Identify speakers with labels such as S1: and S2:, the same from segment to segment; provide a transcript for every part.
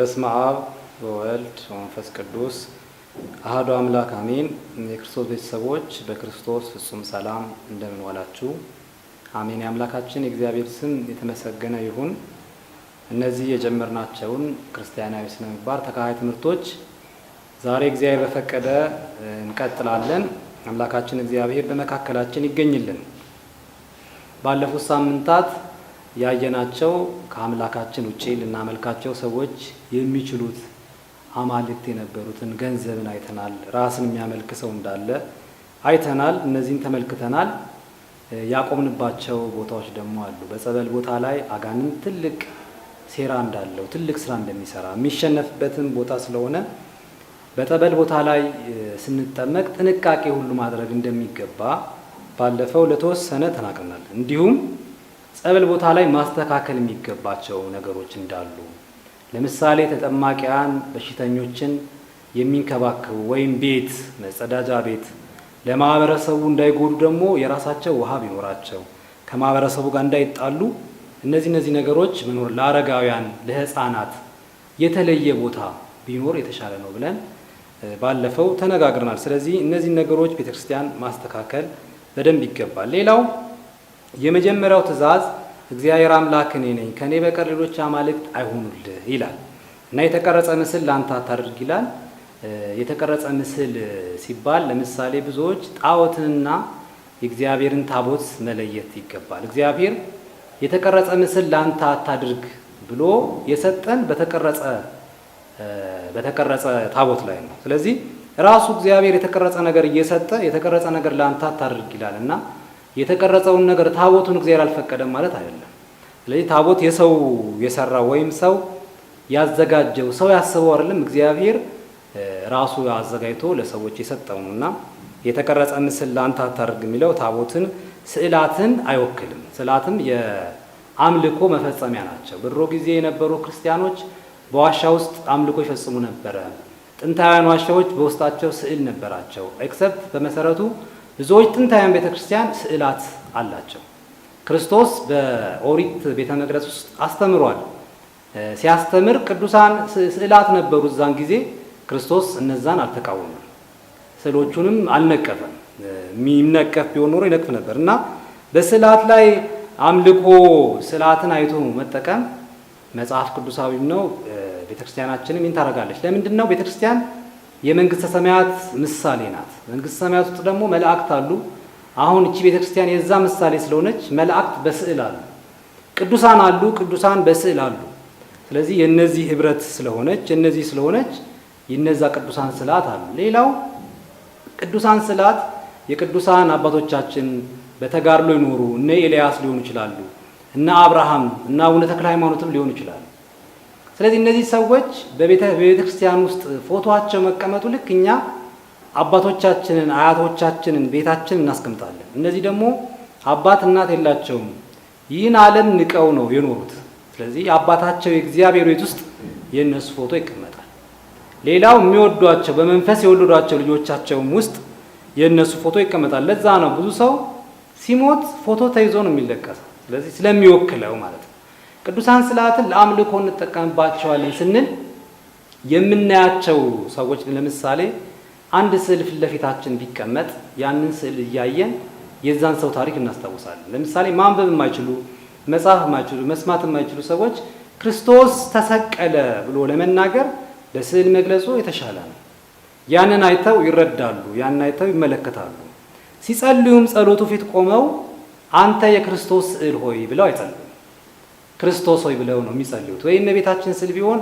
S1: በስመ አብ በወልድ በመንፈስ ቅዱስ አህዶ አምላክ አሜን። የክርስቶስ ቤተሰቦች በክርስቶስ ፍጹም ሰላም እንደምን ዋላችሁ? አሜን። የአምላካችን የእግዚአብሔር ስም የተመሰገነ ይሁን። እነዚህ የጀመርናቸውን ክርስቲያናዊ ስነ ምግባር ተካፋይ ትምህርቶች ዛሬ እግዚአብሔር በፈቀደ እንቀጥላለን። አምላካችን እግዚአብሔር በመካከላችን ይገኝልን። ባለፉት ሳምንታት ያየናቸው ከአምላካችን ውጭ ልናመልካቸው ሰዎች የሚችሉት አማልክት የነበሩትን ገንዘብን አይተናል። ራስን የሚያመልክ ሰው እንዳለ አይተናል። እነዚህን ተመልክተናል። ያቆምንባቸው ቦታዎች ደግሞ አሉ። በጸበል ቦታ ላይ አጋንን ትልቅ ሴራ እንዳለው ትልቅ ስራ እንደሚሰራ የሚሸነፍበትም ቦታ ስለሆነ በጠበል ቦታ ላይ ስንጠመቅ ጥንቃቄ ሁሉ ማድረግ እንደሚገባ ባለፈው ለተወሰነ ተናግረናል። እንዲሁም ጸበል ቦታ ላይ ማስተካከል የሚገባቸው ነገሮች እንዳሉ ለምሳሌ ተጠማቂያን በሽተኞችን የሚንከባከቡ ወይም ቤት መጸዳጃ ቤት ለማህበረሰቡ እንዳይጎዱ ደግሞ የራሳቸው ውሃ ቢኖራቸው ከማህበረሰቡ ጋር እንዳይጣሉ እነዚህ እነዚህ ነገሮች መኖር ለአረጋውያን ለህፃናት የተለየ ቦታ ቢኖር የተሻለ ነው ብለን ባለፈው ተነጋግረናል። ስለዚህ እነዚህን ነገሮች ቤተክርስቲያን ማስተካከል በደንብ ይገባል። ሌላው የመጀመሪያው ትእዛዝ እግዚአብሔር አምላክ እኔ ነኝ፣ ከእኔ በቀር ሌሎች አማልክት አይሆኑልህ ይላል እና የተቀረጸ ምስል ለአንተ አታድርግ ይላል። የተቀረጸ ምስል ሲባል ለምሳሌ ብዙዎች ጣዖትንና የእግዚአብሔርን ታቦት መለየት ይገባል። እግዚአብሔር የተቀረጸ ምስል ለአንተ አታድርግ ብሎ የሰጠን በተቀረጸ በተቀረጸ ታቦት ላይ ነው። ስለዚህ ራሱ እግዚአብሔር የተቀረጸ ነገር እየሰጠ የተቀረጸ ነገር ለአንተ አታድርግ ይላል እና የተቀረጸውን ነገር ታቦቱን እግዚአብሔር አልፈቀደም ማለት አይደለም። ስለዚህ ታቦት የሰው የሰራው ወይም ሰው ያዘጋጀው ሰው ያስበው አይደለም፣ እግዚአብሔር ራሱ አዘጋጅቶ ለሰዎች የሰጠው ነውና የተቀረጸ ምስል ለአንተ አታርግ የሚለው ታቦትን ስዕላትን አይወክልም። ስዕላትም የአምልኮ መፈጸሚያ ናቸው። በድሮ ጊዜ የነበሩ ክርስቲያኖች በዋሻ ውስጥ አምልኮ ይፈጽሙ ነበረ። ጥንታውያን ዋሻዎች በውስጣቸው ስዕል ነበራቸው። ኤክሰፕት በመሰረቱ ብዙዎች ጥንታውያን ቤተክርስቲያን ስዕላት አላቸው። ክርስቶስ በኦሪት ቤተ መቅደስ ውስጥ አስተምሯል። ሲያስተምር ቅዱሳን ስዕላት ነበሩ። እዛን ጊዜ ክርስቶስ እነዛን አልተቃወመም፣ ስዕሎቹንም አልነቀፈም። የሚነቀፍ ቢሆን ኖሮ ይነቅፍ ነበር እና በስዕላት ላይ አምልኮ ስዕላትን አይቶ መጠቀም መጽሐፍ ቅዱሳዊም ነው። ቤተክርስቲያናችንም ይህን ታደርጋለች። ለምንድን ነው ቤተክርስቲያን የመንግስተ ሰማያት ምሳሌ ናት። መንግስተ ሰማያት ውስጥ ደግሞ መላእክት አሉ። አሁን እቺ ቤተ ክርስቲያን የዛ ምሳሌ ስለሆነች መላእክት በስዕል አሉ፣ ቅዱሳን አሉ፣ ቅዱሳን በስዕል አሉ። ስለዚህ የነዚህ ህብረት ስለሆነች እነዚህ ስለሆነች የነዛ ቅዱሳን ስዕላት አሉ። ሌላው ቅዱሳን ስዕላት የቅዱሳን አባቶቻችን በተጋድሎ ይኖሩ እነ ኤልያስ ሊሆኑ ይችላሉ፣ እነ አብርሃም እና አቡነ ተክለ ሃይማኖትም ሊሆኑ ይችላሉ። ስለዚህ እነዚህ ሰዎች በቤተ ክርስቲያን ውስጥ ፎቶቸው መቀመጡ ልክ እኛ አባቶቻችንን አያቶቻችንን ቤታችንን እናስቀምጣለን። እነዚህ ደግሞ አባት እናት የላቸውም፣ ይህን ዓለም ንቀው ነው የኖሩት። ስለዚህ አባታቸው የእግዚአብሔር ቤት ውስጥ የእነሱ ፎቶ ይቀመጣል። ሌላው የሚወዷቸው በመንፈስ የወለዷቸው ልጆቻቸውም ውስጥ የእነሱ ፎቶ ይቀመጣል። ለዛ ነው ብዙ ሰው ሲሞት ፎቶ ተይዞ ነው የሚለቀሰው። ስለዚህ ስለሚወክለው ማለት ነው። ቅዱሳን ስዕላትን ለአምልኮ እንጠቀምባቸዋለን ስንል የምናያቸው ሰዎች ለምሳሌ አንድ ስዕል ፊት ለፊታችን ቢቀመጥ ያንን ስዕል እያየን የዛን ሰው ታሪክ እናስታውሳለን። ለምሳሌ ማንበብ የማይችሉ መጽሐፍ የማይችሉ መስማት የማይችሉ ሰዎች ክርስቶስ ተሰቀለ ብሎ ለመናገር በስዕል መግለጹ የተሻለ ነው። ያንን አይተው ይረዳሉ፣ ያንን አይተው ይመለከታሉ። ሲጸልዩም ጸሎቱ ፊት ቆመው አንተ የክርስቶስ ስዕል ሆይ ብለው አይጸልዩም። ክርስቶስ ሆይ ብለው ነው የሚጸልዩት። ወይ እመቤታችን ስዕል ቢሆን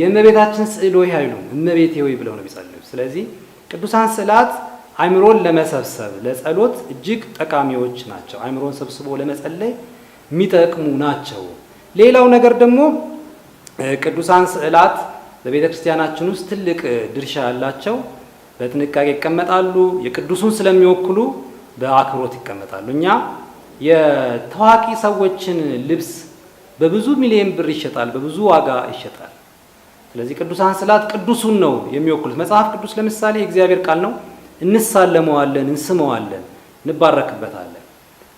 S1: የእመቤታችን ስዕል ሆይ አይሉም፣ እመቤቴ ሆይ ብለው ነው የሚጸልዩት። ስለዚህ ቅዱሳን ስዕላት አእምሮን ለመሰብሰብ ለጸሎት እጅግ ጠቃሚዎች ናቸው። አይምሮን ሰብስቦ ለመጸለይ የሚጠቅሙ ናቸው። ሌላው ነገር ደግሞ ቅዱሳን ስዕላት በቤተ ክርስቲያናችን ውስጥ ትልቅ ድርሻ ያላቸው በጥንቃቄ ይቀመጣሉ። የቅዱሱን ስለሚወክሉ በአክብሮት ይቀመጣሉ። እኛ የተዋቂ ሰዎችን ልብስ በብዙ ሚሊዮን ብር ይሸጣል፣ በብዙ ዋጋ ይሸጣል። ስለዚህ ቅዱሳን ስላት ቅዱሱን ነው የሚወክሉት። መጽሐፍ ቅዱስ ለምሳሌ የእግዚአብሔር ቃል ነው፣ እንሳለመዋለን፣ እንስመዋለን፣ እንባረክበታለን።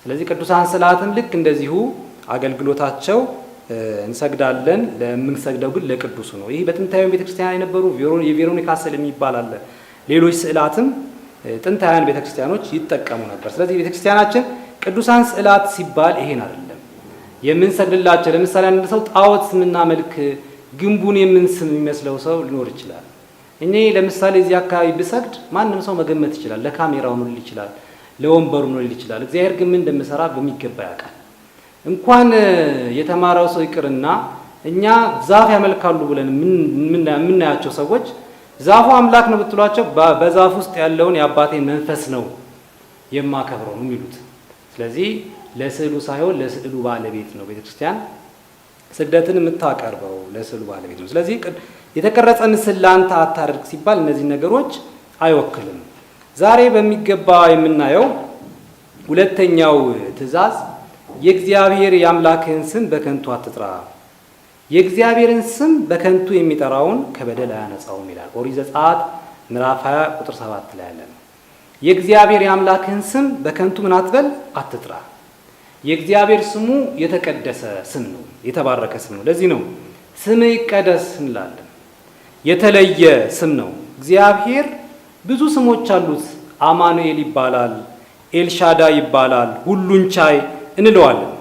S1: ስለዚህ ቅዱሳን ስላትን ልክ እንደዚሁ አገልግሎታቸው እንሰግዳለን፣ ለምንሰግደው ግን ለቅዱሱ ነው። ይህ በጥንታዊ ቤተክርስቲያን የነበሩ የቬሮኒካ ስዕል የሚባል አለ። ሌሎች ስዕላትም ጥንታውያን ቤተክርስቲያኖች ይጠቀሙ ነበር። ስለዚህ ቤተክርስቲያናችን ቅዱሳን ስዕላት ሲባል ይሄን አይደለም። የምንሰግድላቸው። ለምሳሌ አንድ ሰው ጣዖት ስምና መልክ ግንቡን የምንስም የሚመስለው ሰው ሊኖር ይችላል። እኔ ለምሳሌ እዚህ አካባቢ ብሰግድ ማንም ሰው መገመት ይችላል። ለካሜራው ነው ሊል ይችላል፣ ለወንበሩ ነው ሊል ይችላል። እግዚአብሔር ግን ምን እንደምሰራ በሚገባ ያውቃል። እንኳን የተማረው ሰው ይቅርና እኛ ዛፍ ያመልካሉ ብለን የምናያቸው ሰዎች ዛፉ አምላክ ነው ብትሏቸው በዛፍ ውስጥ ያለውን የአባቴን መንፈስ ነው የማከብረው ነው የሚሉት። ስለዚህ ለስዕሉ ሳይሆን ለስዕሉ ባለቤት ነው ቤተክርስቲያን ስግደትን የምታቀርበው ለስዕሉ ባለቤት ነው። ስለዚህ የተቀረጸ ምስል ለአንተ አታድርግ ሲባል እነዚህ ነገሮች አይወክልም። ዛሬ በሚገባ የምናየው ሁለተኛው ትእዛዝ የእግዚአብሔር የአምላክህን ስም በከንቱ አትጥራ፣ የእግዚአብሔርን ስም በከንቱ የሚጠራውን ከበደል አያነጻውም ይላል ኦሪት ዘጸአት ምዕራፍ 20 ቁጥር 7 ላይ ያለ ነው። የእግዚአብሔር የአምላክህን ስም በከንቱ ምን አትበል አትጥራ የእግዚአብሔር ስሙ የተቀደሰ ስም ነው፣ የተባረከ ስም ነው። ለዚህ ነው ስም ይቀደስ እንላለን። የተለየ ስም ነው። እግዚአብሔር ብዙ ስሞች አሉት። አማኑኤል ይባላል፣ ኤልሻዳ ይባላል፣ ሁሉን ቻይ እንለዋለን።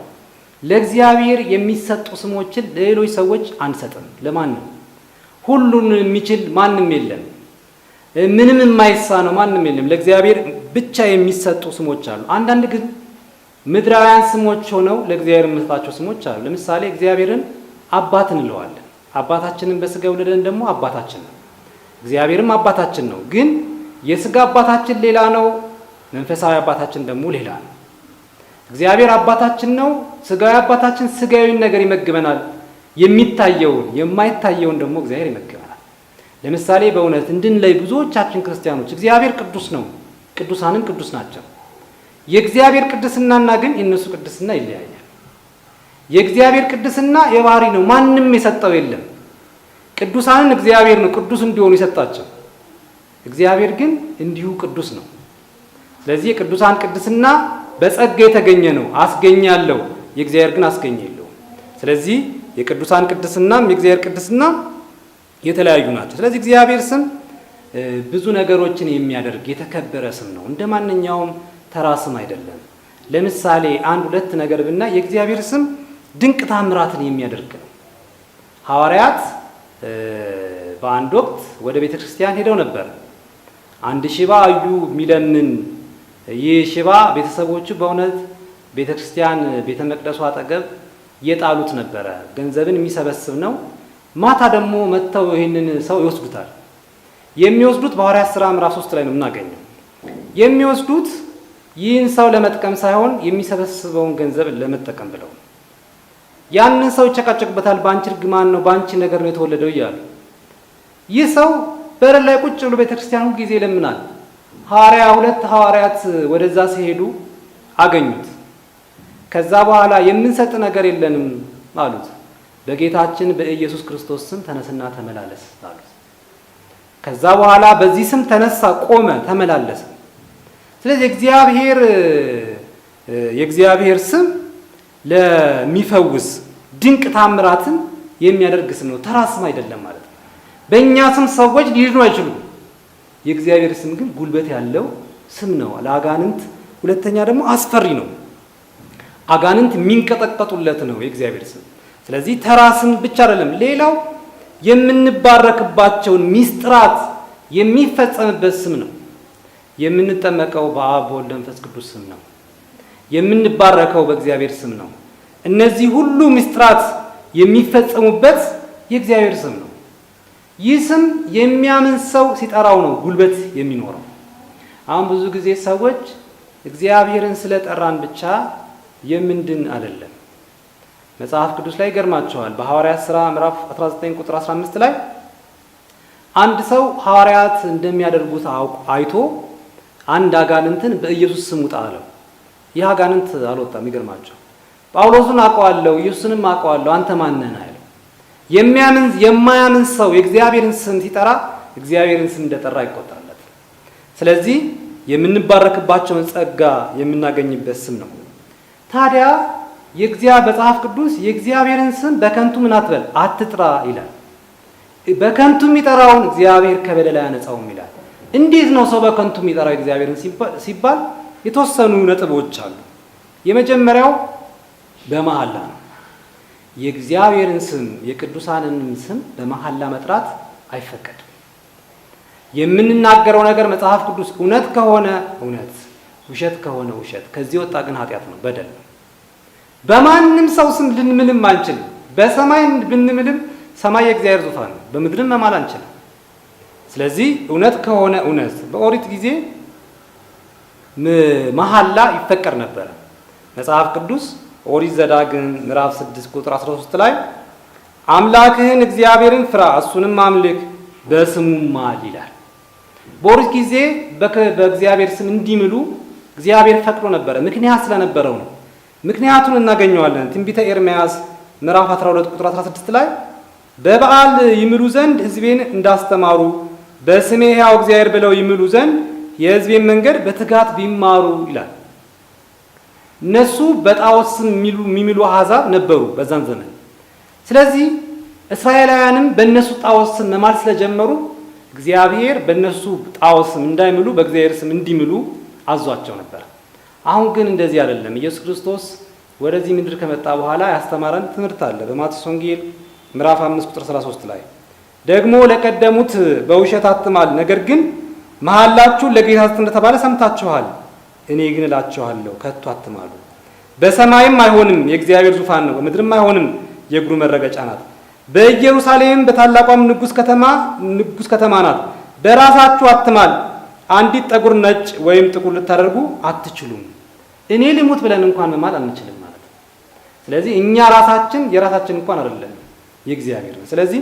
S1: ለእግዚአብሔር የሚሰጡ ስሞችን ለሌሎች ሰዎች አንሰጥም። ነው? ሁሉን የሚችል ማንም የለም። ምንም የማይሳ ነው ማንም የለም። ለእግዚአብሔር ብቻ የሚሰጡ ስሞች አሉ። አንዳንድ ግን ምድራውያን ስሞች ሆነው ለእግዚአብሔር የምንሰጣቸው ስሞች አሉ። ለምሳሌ እግዚአብሔርን አባት እንለዋለን። አባታችንን በስጋ የወለደን ደግሞ አባታችን ነው። እግዚአብሔርም አባታችን ነው። ግን የስጋ አባታችን ሌላ ነው፣ መንፈሳዊ አባታችን ደግሞ ሌላ ነው። እግዚአብሔር አባታችን ነው። ስጋዊ አባታችን ስጋዊ ነገር ይመግበናል። የሚታየውን የማይታየውን ደግሞ እግዚአብሔር ይመግበናል። ለምሳሌ በእውነት እንድንለይ ብዙዎቻችን ክርስቲያኖች እግዚአብሔር ቅዱስ ነው፣ ቅዱሳንም ቅዱስ ናቸው የእግዚአብሔር ቅድስናና ግን የእነሱ ቅድስና ይለያያል። የእግዚአብሔር ቅድስና የባህሪ ነው። ማንም የሰጠው የለም። ቅዱሳንን እግዚአብሔር ነው ቅዱስ እንዲሆኑ የሰጣቸው። እግዚአብሔር ግን እንዲሁ ቅዱስ ነው። ስለዚህ የቅዱሳን ቅድስና በጸጋ የተገኘ ነው። አስገኛለሁ። የእግዚአብሔር ግን አስገኘ የለውም። ስለዚህ የቅዱሳን ቅድስናም የእግዚአብሔር ቅድስና የተለያዩ ናቸው። ስለዚህ እግዚአብሔር ስም ብዙ ነገሮችን የሚያደርግ የተከበረ ስም ነው። እንደ ማንኛውም ተራ ስም አይደለም። ለምሳሌ አንድ ሁለት ነገር ብናይ የእግዚአብሔር ስም ድንቅ ታምራትን የሚያደርግ ነው። ሐዋርያት በአንድ ወቅት ወደ ቤተ ክርስቲያን ሄደው ነበር። አንድ ሽባ አዩ የሚለምን ይህ ሽባ ቤተሰቦቹ በእውነት ቤተ ክርስቲያን ቤተ መቅደሱ አጠገብ የጣሉት ነበረ። ገንዘብን የሚሰበስብ ነው። ማታ ደግሞ መጥተው ይህንን ሰው ይወስዱታል። የሚወስዱት በሐዋርያት ሥራ ምዕራፍ 3 ላይ ነው የምናገኘው። የሚወስዱት ይህን ሰው ለመጥቀም ሳይሆን የሚሰበስበውን ገንዘብ ለመጠቀም ብለው ያንን ሰው ይጨቃጨቅበታል። በአንቺ እርግማን ነው፣ በአንቺ ነገር ነው የተወለደው እያሉ ይህ ሰው በር ላይ ቁጭ ብሎ ቤተክርስቲያን ሁል ጊዜ ይለምናል። ሐዋርያ ሁለት ሐዋርያት ወደዛ ሲሄዱ አገኙት። ከዛ በኋላ የምንሰጥ ነገር የለንም አሉት። በጌታችን በኢየሱስ ክርስቶስ ስም ተነስና ተመላለስ አሉት። ከዛ በኋላ በዚህ ስም ተነሳ፣ ቆመ፣ ተመላለሰ። ስለዚህ እግዚአብሔር የእግዚአብሔር ስም ለሚፈውስ ድንቅ ታምራትን የሚያደርግ ስም ነው። ተራ ስም አይደለም ማለት ነው። በእኛ ስም ሰዎች ሊድኑ አይችሉም። የእግዚአብሔር ስም ግን ጉልበት ያለው ስም ነው ለአጋንንት። ሁለተኛ ደግሞ አስፈሪ ነው። አጋንንት የሚንቀጠቀጡለት ነው የእግዚአብሔር ስም። ስለዚህ ተራ ስም ብቻ አይደለም። ሌላው የምንባረክባቸውን ሚስጥራት የሚፈጸምበት ስም ነው። የምንጠመቀው በአብ በወልድ መንፈስ ቅዱስ ስም ነው። የምንባረከው በእግዚአብሔር ስም ነው። እነዚህ ሁሉ ምስጢራት የሚፈጸሙበት የእግዚአብሔር ስም ነው። ይህ ስም የሚያምን ሰው ሲጠራው ነው ጉልበት የሚኖረው። አሁን ብዙ ጊዜ ሰዎች እግዚአብሔርን ስለጠራን ብቻ የምንድን አይደለም። መጽሐፍ ቅዱስ ላይ ይገርማቸዋል። በሐዋርያት ሥራ ምዕራፍ 19 ቁጥር 15 ላይ አንድ ሰው ሐዋርያት እንደሚያደርጉት አይቶ አንድ አጋንንትን በኢየሱስ ስም ውጣ አለው። ይህ አጋንንት አልወጣም። ይገርማቸው። ጳውሎስን አውቀዋለሁ፣ ኢየሱስንም አውቀዋለሁ፣ አንተ ማን ነህ አለው። የሚያምን የማያምን ሰው የእግዚአብሔርን ስም ሲጠራ እግዚአብሔርን ስም እንደጠራ ይቆጠራለት። ስለዚህ የምንባረክባቸውን ጸጋ የምናገኝበት ስም ነው። ታዲያ የእግዚአብሔር መጽሐፍ ቅዱስ የእግዚአብሔርን ስም በከንቱ ምን አትበል አትጥራ ይላል። በከንቱ የሚጠራውን እግዚአብሔር ከበደላ ያነጻውም ይላል። እንዴት ነው ሰው በከንቱ የሚጠራው እግዚአብሔርን ሲባል የተወሰኑ ነጥቦች አሉ። የመጀመሪያው በመሐላ ነው። የእግዚአብሔርን ስም የቅዱሳንንም ስም በመሐላ መጥራት አይፈቀድም። የምንናገረው ነገር መጽሐፍ ቅዱስ እውነት ከሆነ እውነት፣ ውሸት ከሆነ ውሸት፣ ከዚህ ወጣ ግን ኃጢአት ነው፣ በደል ነው። በማንም ሰው ስም ልንምልም አንችልም። በሰማይ ብንምልም ሰማይ የእግዚአብሔር ዙፋን ነው፣ በምድርም መማል አንችልም። ስለዚህ እውነት ከሆነ እውነት በኦሪት ጊዜ መሐላ ይፈቀድ ነበረ። መጽሐፍ ቅዱስ ኦሪት ዘዳግም ምዕራፍ 6 ቁጥር 13 ላይ አምላክህን እግዚአብሔርን ፍራ እሱንም አምልክ በስሙም ማል ይላል። በኦሪት ጊዜ በእግዚአብሔር ስም እንዲምሉ እግዚአብሔር ፈቅዶ ነበረ። ምክንያት ስለነበረው ነው። ምክንያቱን እናገኘዋለን። ትንቢተ ኤርምያስ ምዕራፍ 12 ቁጥር 16 ላይ በበዓል ይምሉ ዘንድ ሕዝቤን እንዳስተማሩ በስሜ ሕያው እግዚአብሔር ብለው ይምሉ ዘንድ የሕዝቤን መንገድ በትጋት ቢማሩ ይላል። እነሱ በጣዖት ስም የሚምሉ አሕዛብ ነበሩ በዛን ዘመን። ስለዚህ እስራኤላውያንም በእነሱ ጣዖት ስም መማል ስለጀመሩ እግዚአብሔር በእነሱ ጣዖት ስም እንዳይምሉ በእግዚአብሔር ስም እንዲምሉ አዟቸው ነበር። አሁን ግን እንደዚህ አይደለም። ኢየሱስ ክርስቶስ ወደዚህ ምድር ከመጣ በኋላ ያስተማረን ትምህርት አለ። በማቴዎስ ወንጌል ምዕራፍ 5 ቁጥር 33 ላይ ደግሞ ለቀደሙት በውሸት አትማል፣ ነገር ግን መሐላችሁን ለጌታ ስጥ እንደተባለ ሰምታችኋል። እኔ ግን እላችኋለሁ ከቶ አትማሉ። በሰማይም አይሆንም የእግዚአብሔር ዙፋን ነው፣ በምድርም አይሆንም የእግሩ መረገጫ ናት። በኢየሩሳሌም በታላቋም ንጉሥ ከተማ ንጉሥ ከተማ ናት። በራሳችሁ አትማል፣ አንዲት ጠጉር ነጭ ወይም ጥቁር ልታደርጉ አትችሉም። እኔ ልሙት ብለን እንኳን መማል አንችልም ማለት ነው። ስለዚህ እኛ ራሳችን የራሳችን እንኳን አይደለም የእግዚአብሔር ነው። ስለዚህ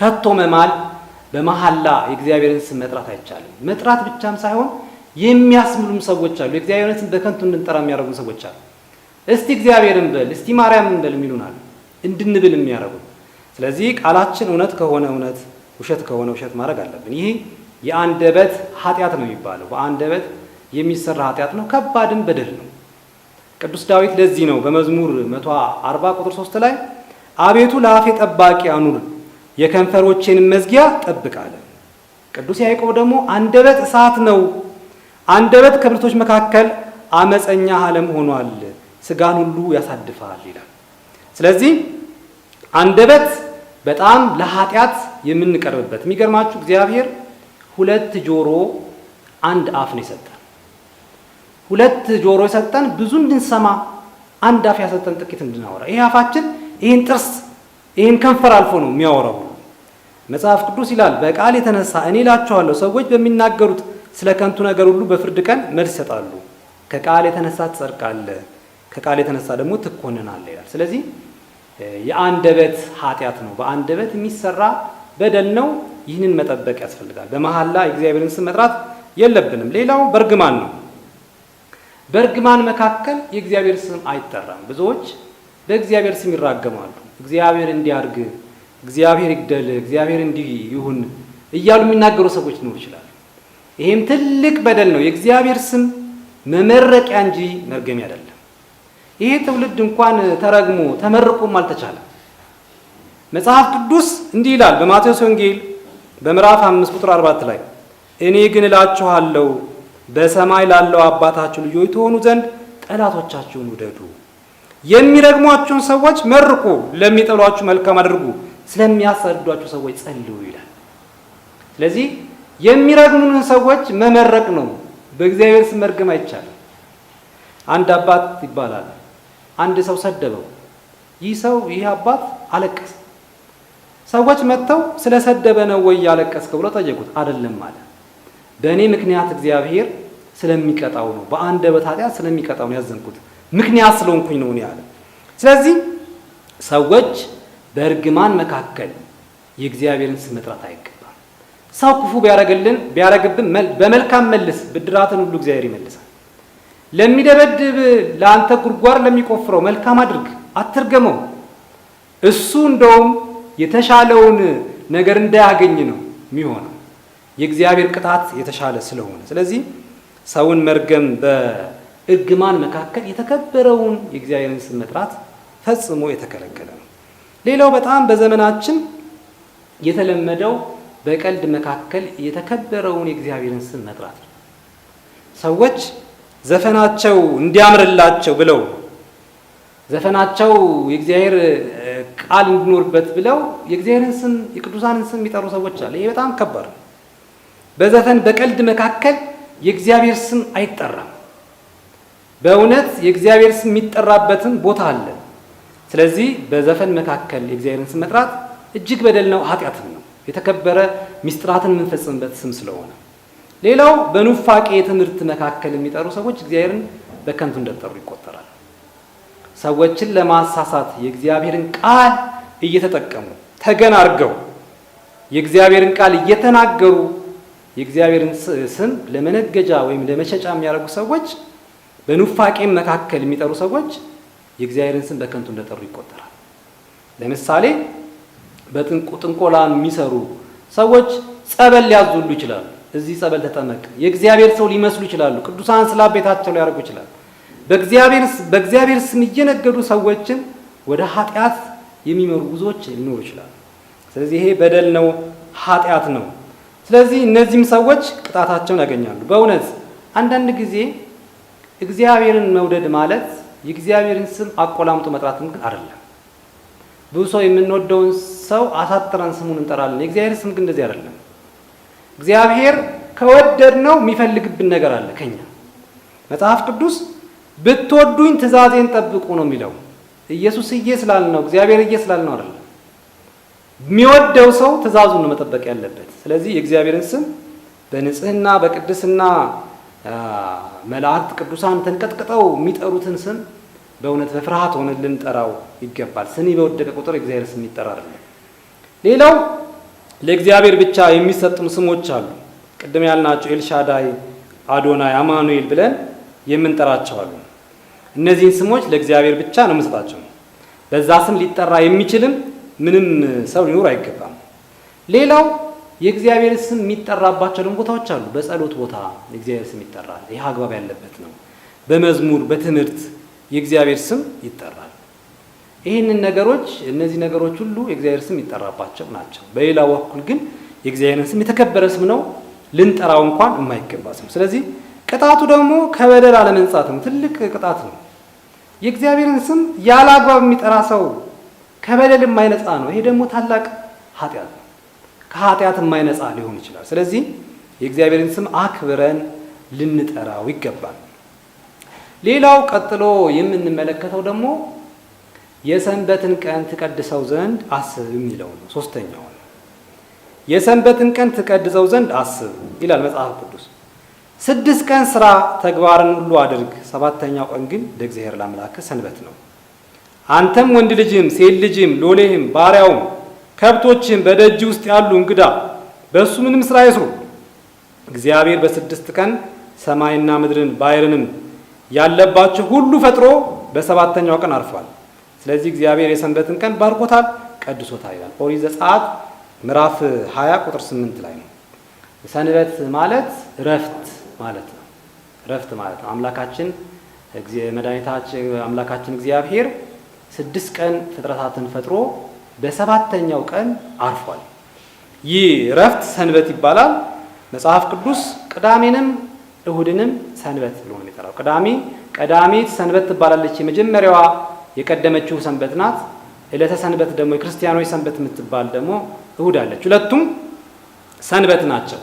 S1: ከቶ መማል በመሐላ የእግዚአብሔርን ስም መጥራት አይቻልም። መጥራት ብቻም ሳይሆን የሚያስምሉም ሰዎች አሉ። የእግዚአብሔርን ስም በከንቱ እንድንጠራ የሚያደርጉ ሰዎች አሉ። እስቲ እግዚአብሔርን በል፣ እስቲ ማርያምን በል የሚሉናል፣ እንድንብል የሚያደርጉ። ስለዚህ ቃላችን እውነት ከሆነ እውነት፣ ውሸት ከሆነ ውሸት ማድረግ አለብን። ይህ የአንደበት ኃጢአት ነው የሚባለው። በአንደበት የሚሰራ ኃጢአት ነው፣ ከባድም በደል ነው። ቅዱስ ዳዊት ለዚህ ነው በመዝሙር 140 ቁጥር 3 ላይ አቤቱ ለአፌ ጠባቂ አኑር የከንፈሮቼን መዝጊያ ጠብቃለ። ቅዱስ ያዕቆብ ደግሞ አንደበት እሳት ነው፣ አንደበት ከብልቶች መካከል አመፀኛ ዓለም ሆኗል፣ ስጋን ሁሉ ያሳድፋል ይላል። ስለዚህ አንደበት በጣም ለኃጢአት የምንቀርብበት። የሚገርማችሁ እግዚአብሔር ሁለት ጆሮ አንድ አፍ ነው የሰጠን። ሁለት ጆሮ የሰጠን ብዙ እንድንሰማ፣ አንድ አፍ ያሰጠን ጥቂት እንድናወራ። ይሄ አፋችን ይህን ጥርስ ይህን ከንፈር አልፎ ነው የሚያወራው። መጽሐፍ ቅዱስ ይላል በቃል የተነሳ እኔ እላችኋለሁ ሰዎች በሚናገሩት ስለ ከንቱ ነገር ሁሉ በፍርድ ቀን መልስ ይሰጣሉ። ከቃል የተነሳ ትጸድቃለህ፣ ከቃል የተነሳ ደግሞ ትኮንናለ ይላል። ስለዚህ የአንደበት ኃጢአት ነው፣ በአንደበት የሚሰራ በደል ነው። ይህንን መጠበቅ ያስፈልጋል። በመሐላ እግዚአብሔርን ስም መጥራት የለብንም። ሌላው በእርግማን ነው። በእርግማን መካከል የእግዚአብሔር ስም አይጠራም። ብዙዎች በእግዚአብሔር ስም ይራገማሉ። እግዚአብሔር እንዲያርግ፣ እግዚአብሔር ይግደል፣ እግዚአብሔር እንዲህ ይሁን እያሉ የሚናገሩ ሰዎች ሊኖሩ ይችላሉ። ይህም ትልቅ በደል ነው። የእግዚአብሔር ስም መመረቂያ እንጂ መርገም አይደለም። ይሄ ትውልድ እንኳን ተረግሞ ተመርቆም አልተቻለም። መጽሐፍ ቅዱስ እንዲህ ይላል በማቴዎስ ወንጌል በምዕራፍ 5 ቁጥር 4 ላይ እኔ ግን እላችኋለሁ በሰማይ ላለው አባታችሁ ልጆች ትሆኑ ዘንድ ጠላቶቻችሁን ውደዱ የሚረግሟቸውን ሰዎች መርቁ፣ ለሚጠሏችሁ መልካም አድርጉ፣ ስለሚያሳድዷችሁ ሰዎች ጸልዩ ይላል። ስለዚህ የሚረግሙንን ሰዎች መመረቅ ነው። በእግዚአብሔር ስም መርገም አይቻልም። አንድ አባት ይባላል። አንድ ሰው ሰደበው። ይህ ሰው ይህ አባት አለቀሰ። ሰዎች መጥተው ስለሰደበ ነው ወይ ያለቀስከው ብለው ጠየቁት። አይደለም አለ። በእኔ ምክንያት እግዚአብሔር ስለሚቀጣው ነው፣ በአንደበት ኃጢአት ስለሚቀጣው ነው ያዘንኩት ምክንያት ስለሆንኩኝ ነው ያለ። ስለዚህ ሰዎች በእርግማን መካከል የእግዚአብሔርን ስም መጥራት አይገባም። ሰው ክፉ ቢያረግልን ቢያረግብን በመልካም መልስ፣ ብድራትን ሁሉ እግዚአብሔር ይመልሳል። ለሚደበድብ ለአንተ ጉድጓድ ለሚቆፍረው መልካም አድርግ፣ አትርገመው። እሱ እንደውም የተሻለውን ነገር እንዳያገኝ ነው የሚሆነው። የእግዚአብሔር ቅጣት የተሻለ ስለሆነ፣ ስለዚህ ሰውን መርገም በ እርግማን መካከል የተከበረውን የእግዚአብሔርን ስም መጥራት ፈጽሞ የተከለከለ ነው። ሌላው በጣም በዘመናችን የተለመደው በቀልድ መካከል የተከበረውን የእግዚአብሔርን ስም መጥራት ነው። ሰዎች ዘፈናቸው እንዲያምርላቸው ብለው ዘፈናቸው የእግዚአብሔር ቃል እንዲኖርበት ብለው የእግዚአብሔርን ስም የቅዱሳንን ስም የሚጠሩ ሰዎች አለ። ይሄ በጣም ከባድ ነው። በዘፈን በቀልድ መካከል የእግዚአብሔር ስም አይጠራም። በእውነት የእግዚአብሔር ስም የሚጠራበትን ቦታ አለ። ስለዚህ በዘፈን መካከል የእግዚአብሔርን ስም መጥራት እጅግ በደል ነው፣ ኃጢአትም ነው። የተከበረ ሚስጥራትን የምንፈጽምበት ስም ስለሆነ፣ ሌላው በኑፋቄ ትምህርት መካከል የሚጠሩ ሰዎች እግዚአብሔርን በከንቱ እንደጠሩ ይቆጠራል። ሰዎችን ለማሳሳት የእግዚአብሔርን ቃል እየተጠቀሙ ተገን አድርገው የእግዚአብሔርን ቃል እየተናገሩ የእግዚአብሔርን ስም ለመነገጃ ወይም ለመሸጫ የሚያደርጉ ሰዎች በኑፋቄም መካከል የሚጠሩ ሰዎች የእግዚአብሔርን ስም በከንቱ እንደጠሩ ይቆጠራል። ለምሳሌ ጥንቆላ የሚሰሩ ሰዎች ጸበል ሊያዙሉ ይችላሉ። እዚህ ጸበል ተጠመቅ፣ የእግዚአብሔር ሰው ሊመስሉ ይችላሉ። ቅዱሳን ስላ ቤታቸው ሊያደርጉ ይችላሉ። በእግዚአብሔር ስም እየነገዱ ሰዎችን ወደ ኃጢአት የሚመሩ ጉዞዎች ሊኖሩ ይችላሉ። ስለዚህ ይሄ በደል ነው፣ ኃጢአት ነው። ስለዚህ እነዚህም ሰዎች ቅጣታቸውን ያገኛሉ። በእውነት አንዳንድ ጊዜ እግዚአብሔርን መውደድ ማለት የእግዚአብሔርን ስም አቆላምጦ መጥራትም ግን አይደለም። ብዙ ሰው የምንወደውን ሰው አሳጥረን ስሙን እንጠራለን። የእግዚአብሔር ስም ግን እንደዚህ አይደለም። እግዚአብሔር ከወደድ ነው የሚፈልግብን ነገር አለ ከኛ። መጽሐፍ ቅዱስ ብትወዱኝ ትእዛዜን ጠብቁ ነው የሚለው። እዬ ስላል ነው እዬ ስላል ነው አይደለም። የሚወደው ሰው ትእዛዙን ነው መጠበቅ ያለበት። ስለዚህ የእግዚአብሔርን ስም በንጽህና በቅድስና መላእክት ቅዱሳን ተንቀጥቅጠው የሚጠሩትን ስም በእውነት በፍርሃት ሆነን ልንጠራው ይገባል። ስኒ በወደቀ ቁጥር እግዚአብሔር ስም ይጠራ አይደለም። ሌላው ለእግዚአብሔር ብቻ የሚሰጡም ስሞች አሉ። ቅድም ያልናቸው ኤልሻዳይ፣ አዶናይ፣ አማኑኤል ብለን የምንጠራቸው አሉ። እነዚህን ስሞች ለእግዚአብሔር ብቻ ነው የምንሰጣቸው። በዛ ስም ሊጠራ የሚችልም ምንም ሰው ሊኖር አይገባም። ሌላው የእግዚአብሔር ስም የሚጠራባቸው ደግሞ ቦታዎች አሉ። በጸሎት ቦታ የእግዚአብሔር ስም ይጠራል። ይህ አግባብ ያለበት ነው። በመዝሙር በትምህርት የእግዚአብሔር ስም ይጠራል። ይህንን ነገሮች እነዚህ ነገሮች ሁሉ የእግዚአብሔር ስም ይጠራባቸው ናቸው። በሌላ በኩል ግን የእግዚአብሔር ስም የተከበረ ስም ነው፣ ልንጠራው እንኳን የማይገባ ስም። ስለዚህ ቅጣቱ ደግሞ ከበደል አለመንጻት ነው። ትልቅ ቅጣት ነው። የእግዚአብሔርን ስም ያለ አግባብ የሚጠራ ሰው ከበደል የማይነጻ ነው። ይሄ ደግሞ ታላቅ ኃጢአት ነው። ከኃጢአት የማይነጻ ሊሆን ይችላል። ስለዚህ የእግዚአብሔርን ስም አክብረን ልንጠራው ይገባል። ሌላው ቀጥሎ የምንመለከተው ደግሞ የሰንበትን ቀን ትቀድሰው ዘንድ አስብ የሚለው ነው። ሶስተኛው የሰንበትን ቀን ትቀድሰው ዘንድ አስብ ይላል መጽሐፍ ቅዱስ። ስድስት ቀን ስራ ተግባርን ሁሉ አድርግ፣ ሰባተኛው ቀን ግን ለእግዚአብሔር ለአምላክህ ሰንበት ነው። አንተም ወንድ ልጅም፣ ሴት ልጅም፣ ሎሌህም ባሪያውም ከብቶችን በደጅ ውስጥ ያሉ እንግዳ በእሱ ምንም ስራ አይስሩ። እግዚአብሔር በስድስት ቀን ሰማይና ምድርን ባሕርንም ያለባቸው ሁሉ ፈጥሮ በሰባተኛው ቀን አርፏል። ስለዚህ እግዚአብሔር የሰንበትን ቀን ባርኮታል፣ ቀድሶታል ይላል ኦሪት ዘጸአት ምዕራፍ 20 ቁጥር 8 ላይ ነው። ሰንበት ማለት ረፍት ማለት ነው። ረፍት ማለት ነው። አምላካችን መድኃኒታችን አምላካችን እግዚአብሔር ስድስት ቀን ፍጥረታትን ፈጥሮ በሰባተኛው ቀን አርፏል። ይህ እረፍት ሰንበት ይባላል። መጽሐፍ ቅዱስ ቅዳሜንም እሁድንም ሰንበት ብሎ ነው የሚጠራው። ቅዳሜ ቀዳሚት ሰንበት ትባላለች። የመጀመሪያዋ የቀደመችው ሰንበት ናት። ዕለተ ሰንበት ደግሞ የክርስቲያኖች ሰንበት የምትባል ደግሞ እሁድ አለች። ሁለቱም ሰንበት ናቸው።